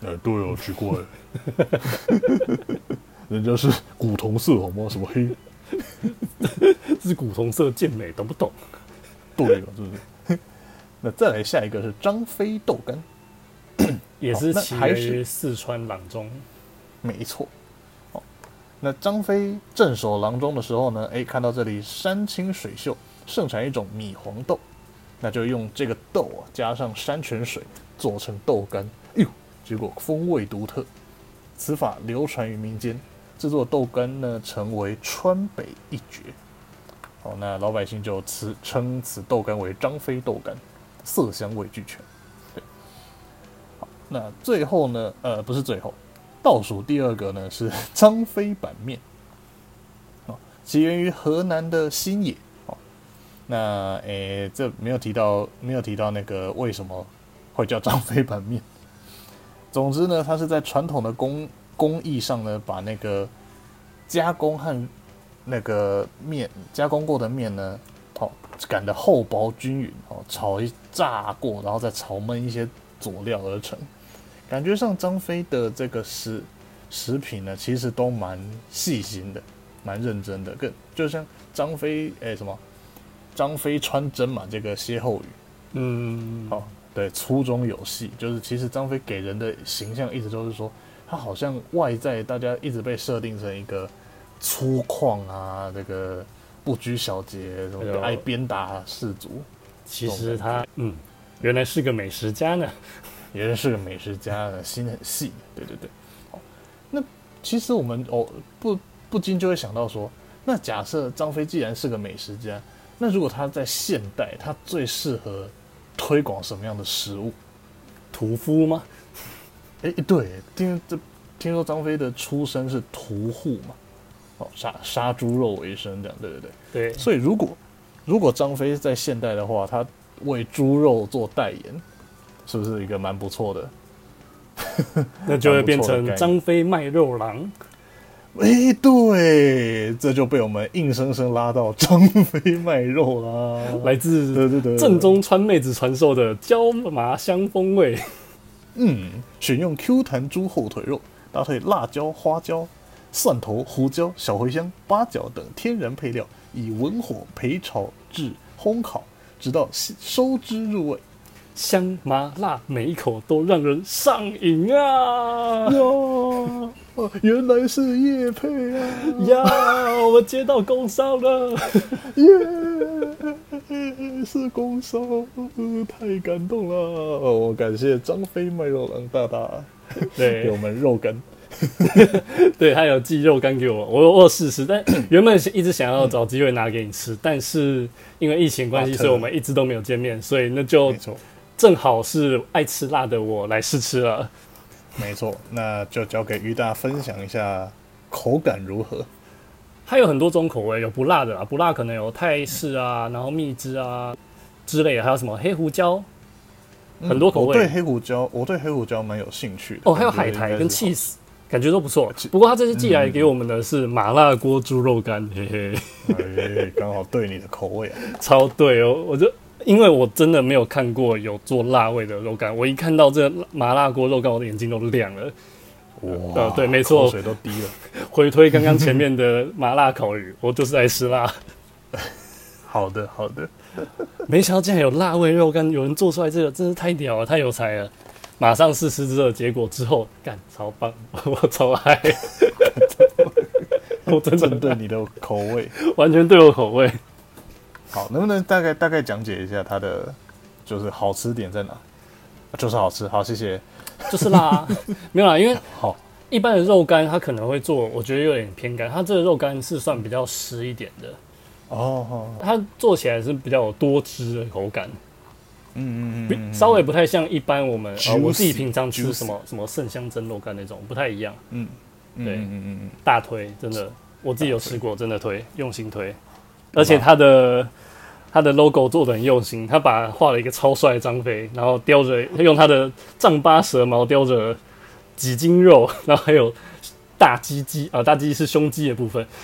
哎、欸，對取、哦、奇怪， 人家是古銅色好嗎？什麼黑？ 是古銅色健美，懂不懂？對吧、哦？是、就、不是？ 那再來下一個是張飛豆乾，也是來自、哦、四川閬中，沒錯。哦，那張飛鎮守閬中的時候呢誒，看到這裡山清水秀，盛產一種米黃豆，那就用這個豆啊，加上山泉水做成豆乾，呦、呃結果風味獨特，此法流傳於民間，製作豆干呢，成為川北一絕。好，那老百姓就此稱此豆干為張飛豆干，色香味俱全。對，好，那最後呢？呃，不是最後，倒數第二個呢是張飛板面，起源於河南的新野。好，那誒，這沒有提到，沒有提到那個為什麼會叫張飛板面。總之呢，它是在傳統的工工藝上呢，把那個加工和那個麵加工過的麵呢，好、哦、擀的厚薄均勻，哦炒一炸過，然後再炒燜一些佐料而成。感覺上張飛的這個食食品呢，其實都蠻細心的，蠻認真的，更就像張飛誒、欸、什麼張飛穿針嘛，這個歇後語，嗯，好、嗯。對，粗中有細，就是其實張飛給人的形象一直都是說，他好像外在大家一直被設定成一個粗獷啊，這個不拘小節，什麼的愛鞭打的士卒。其實他，嗯，原來是個美食家呢， 原來是個美食家，心很細。對對對，好，那其實我們哦不不禁就會想到說，那假設張飛既然是個美食家，那如果他在現代，他最適合。推廣什麼樣的食物？屠夫嗎？誒，對，聽這聽說張飛的出身是屠戶嘛，哦，殺殺豬肉為生，這樣對對對，對。所以如果如果張飛在現代的話，他為豬肉做代言，是不是一個蠻不錯的？那就會變成張飛賣肉郎。哎、欸，對，這就被我們硬生生拉到張飛賣肉啦！來自正宗川妹子傳授的椒麻香風味。嗯，選用 Q 彈豬後腿肉，搭配辣椒、花椒、蒜頭、胡椒、小茴香、八角等天然配料，以文火焙炒至烘烤，直到收汁入味，香麻辣，每一口都讓人上癮啊！喲哇。 原來是業配啊！呀，我們接到工商了，耶！是工商，太感動了！我感謝張飛賣肉郎大大，對，給我們肉乾， 對，還有寄肉乾給我，我有試吃。但原本一直想要找機會拿給你吃，嗯、但是因為疫情關係，所以我們一直都沒有見面，所以那就正好是愛吃辣的我來試吃了。沒錯，那就交給瑜大分享一下口感如何。它有很多種口味，有不辣的啦，不辣可能有泰式啊，然後蜜汁啊之類的，還有什麼黑胡椒，嗯、很多口味。我對黑胡椒，我對黑胡椒蠻有興趣的哦。感覺還有海苔跟 cheese，感覺都不錯。不過他這次寄來給我們的是麻辣鍋豬肉乾，嘿嘿，剛好對你的口味啊，超對哦，我就因為我真的沒有看過有做辣味的肉乾，我一看到這個麻辣鍋肉乾，我的眼睛都亮了。哇、呃！對，沒錯，口水都滴了。回推剛剛前面的麻辣烤魚， 我就是愛吃辣。 好的，好的。沒想到竟然有辣味肉乾，有人做出來這個，真是太屌了，太有才了。馬上試吃這個結果之後，幹，超棒， 我超愛。我 真正對你的口味， 完全對我口味。好，能不能大概大概講解一下它的，就是好吃點在哪？啊，就是好吃。好，謝謝。就是辣，啊， 沒有啦，因為好一般的肉乾它可能會做，我覺得有點偏乾。它這個肉乾是算比較濕一點的哦，oh, oh, oh, oh. 它做起來是比較有多汁的口感。嗯嗯嗯，hmm. 稍微不太像一般我們呃 Juice,、哦，我自己平常吃什麼 Juice. 什麼聖香蒸肉乾那種不太一樣。嗯、mm，hmm. 對，嗯嗯嗯，hmm. 大推，真的，我自己有吃過，真的推，推用心推。而且他的他的 logo 做的很用心，他把畫了一個超帥的張飛，然後叼着用他的丈八蛇矛叼着幾斤肉，然後還有大雞雞啊，大雞雞是胸肌的部分。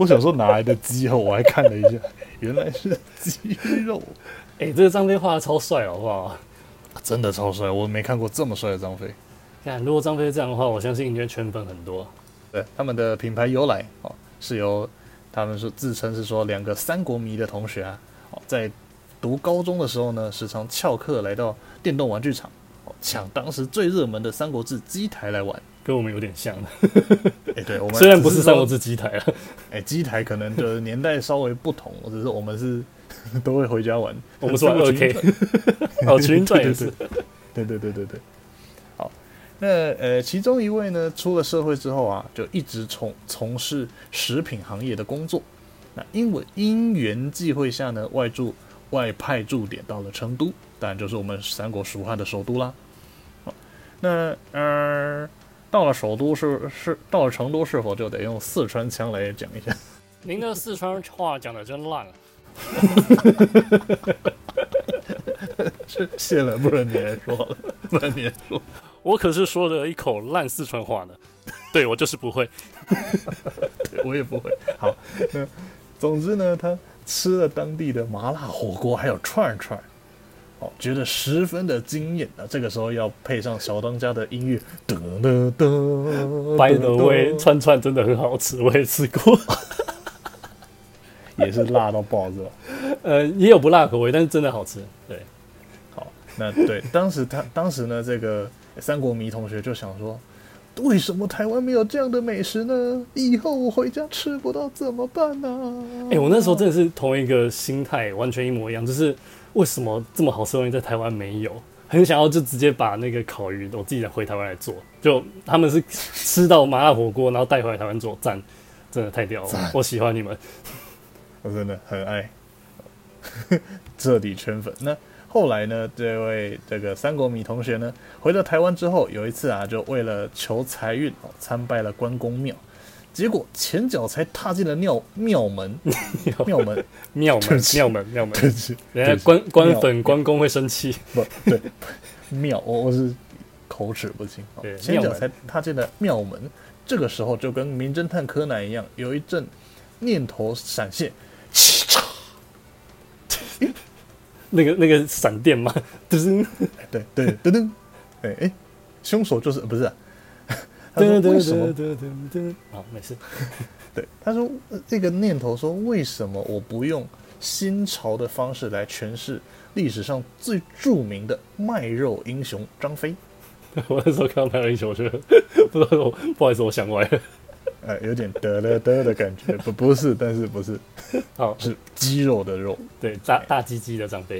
我想說哪來的雞、哦？我還看了一下，原來是肌肉。哎、欸，這個張飛畫的超帥、哦，好不好？真的超帥，我沒看過這麼帥的張飛。看，如果張飛這樣的話，我相信應該圈粉很多。對，他們的品牌由來哦，是由。他們說自稱是說兩個三國迷的同學啊，在讀高中的時候呢，時常翹課來到電動玩具廠，搶當時最熱門的《三國志》機台來玩，跟我們有點像的。哎，欸、對，我們雖然不是《三國志》機台啊，哎，機台可能就是年代稍微不同，只是我們是都會回家玩，我們是玩、OK《麒 k 傳》好，哦，《群英傳》也是，對，對對對對對。那呃，其中一位呢，出了社會之後啊，就一直從從事食品行業的工作。那因為因緣際會下呢，外駐外派駐點到了成都，當然就是我們三國蜀漢的首都啦。好，那呃，到了首都是是到了成都，是否就得用四川腔來講一下？您的四川話講得真爛了啊。哈哈哈！哈哈！哈現在不准您說了，不准您說。我可是說了一口爛四川話呢，對我就是不會， 我也不會。好，那總之呢，他吃了當地的麻辣火鍋還有串串，哦，覺得十分的驚艷，那這個時候要配上小當家的音樂，白得味串串真的很好吃，我也吃過， 也是辣到爆是吧？ 呃，也有不辣口味，但是真的好吃。對，好，那對，當時他當時呢，這個。三國迷同學就想說，為什麼台灣沒有這樣的美食呢？以後我回家吃不到怎麼辦呢、啊？誒、欸，我那時候真的是同一個心態，完全一模一樣，就是為什麼這麼好吃的東西在台灣沒有，很想要就直接把那個烤魚，我自己來回台灣來做。就他們是吃到麻辣火鍋，然後帶回來台灣做。讚，真的太屌了！讚我喜歡你們，我真的很愛，徹底圈粉。那。後來呢，這位這個三國迷同學呢，回到台灣之後，有一次啊，就為了求財運哦，參拜了關公廟，結果前腳才踏進了廟廟門，廟尿門，廟門，廟門，廟門，人家關關粉關公會生氣門，不對，廟，我、哦、是口齒不清，對對門前腳才踏進了廟門，這個時候就跟名偵探柯南一樣，有一陣念頭閃現，那個那個閃電嘛，就是對，對對噔噔，哎、欸、哎，兇手就是不是、啊？對，對，為什麼？好、啊、沒事。對，他說這個念頭說為什麼我不用新潮的方式來詮釋歷史上最著名的賣肉英雄張飛？ 我那時候看到賣肉英雄，我覺得不知道我，不好意思，我想歪了。哎，有點得嘞得的感覺，不不是，但是不是， 好，是雞肉的肉，對，對大大雞雞的張飛，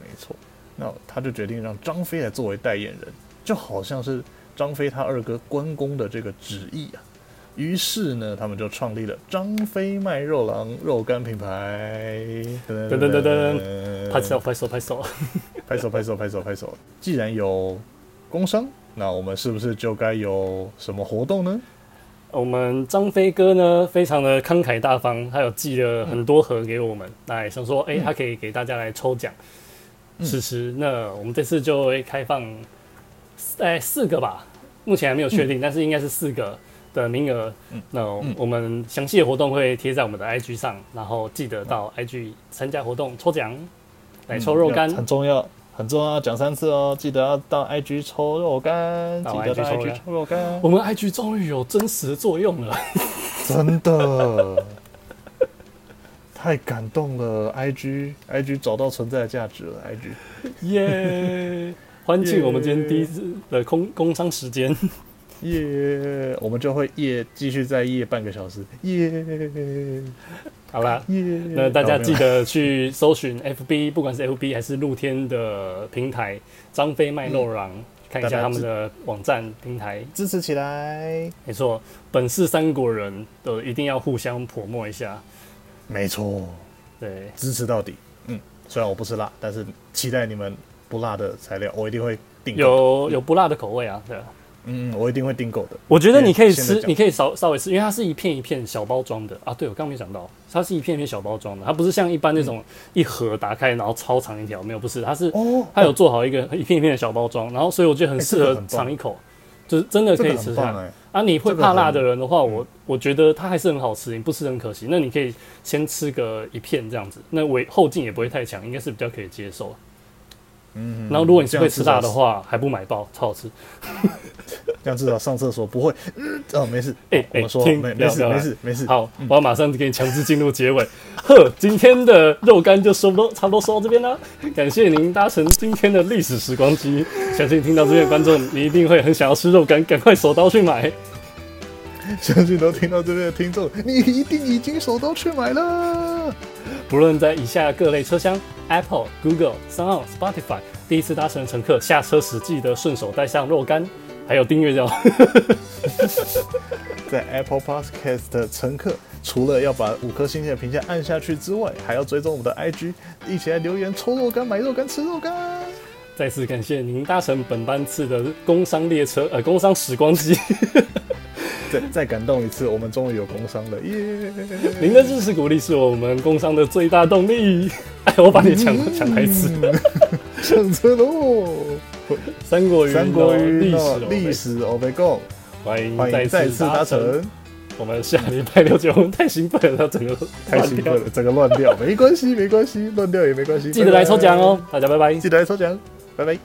沒錯。那他就決定讓張飛來作為代言人，就好像是張飛他二哥關公的這個旨意啊。於是呢，他們就創立了張飛賣肉郎肉乾品牌，噔噔噔噔，噔，拍手拍手拍手，拍手拍手拍手拍手。既然有工商，那我們是不是就該有什麼活動呢？我們張飛哥呢，非常的慷慨大方，他有寄了很多盒給我們，來、嗯、想說，哎、欸，他可以給大家來抽獎，試吃、嗯。那我們這次就會開放，誒、欸，四個吧，目前還沒有確定，嗯、但是應該是四個的名額。嗯、那我們詳細的活動會貼在我們的 IG 上，然後記得到 IG 參加活動抽獎，來抽肉乾、嗯，很重要。很重要、啊，講三次哦！記得要到 IG 抽肉乾，到 IG 記得到 IG 去抽肉乾。我們 IG 終於有真實的作用了， 真的， 太感動了！IG，IG IG 找到存在的價值了！IG，耶！Yeah, 歡慶我們今天第一次的空工商 Yeah, 時間，耶 ！Yeah, 我們就會耶繼續再耶半個小時，耶、yeah.！好了，那大家記得去搜尋 FB，不管是 FB 還是露天的平台，張飛賣肉郎，嗯、看一下他們的網站平台，支持起來。沒錯，本是三國人都一定要互相潑墨一下。沒錯，對，支持到底。嗯，雖然我不吃辣，但是期待你們不辣的材料，我一定會訂。有有不辣的口味啊，對嗯，我一定會訂購的。我覺得你可以吃，你可以稍微吃，因為它是一片一片小包裝的啊。對，我剛剛沒想到，它是一片一片小包裝的，它不是像一般那種一盒打開、嗯、然後超長一條，沒有，不是，它是它有做好一個一片一片的小包裝，然後所以我覺得很適合嘗、欸、這個、一口，就是真的可以吃下來、欸、啊，你會怕辣的人的話，我我覺得它還是很好吃，你不吃很可惜。那你可以先吃個一片這樣子，那尾後勁也不會太強，應該是比較可以接受。嗯，嗯，然後如果你是會吃辣的話，還不買包，超好吃。 這樣至少上廁所不會、嗯、哦，沒事。哎哎、欸，欸、說聽沒事沒事沒事。好，嗯、我要馬上給你強制進入結尾。呵，今天的肉乾就差不多，差不多說到這邊了。感謝您搭乘今天的歷史時光機。相信聽到這邊的觀眾，你一定會很想要吃肉乾，趕快手刀去買。 相信都聽到這邊的聽眾，你一定已經手刀去買了。不論在以下各類車廂，Apple、Google、Sound、Spotify，第一次搭乘乘客下車時記得順手帶上肉乾，還有訂閱者， 在 Apple Podcast 的乘客除了要把五顆星星的評價按下去之外，還要追蹤我們的 IG，一起來留言抽肉乾買肉乾吃肉乾。再次感謝您搭乘本班次的工商列車，呃，工商時光機。 再，再感動一次，我們終於有工商了耶！Yeah，您的支持鼓勵是我們工商的最大動力。 哎，我把你搶搶、嗯、來一次，搶車囉！嗯、 三國瑜雲の歷史，三國瑜雲の歷史，歷史歐北共，歡迎再次搭乘。搭乘我們下禮拜六就我們太興奮了，了，了，整個太興奮了，整個亂掉。沒關係，沒關係，亂掉也沒關係。記得來抽獎哦，拜拜，大家拜拜。記得來抽獎，拜拜。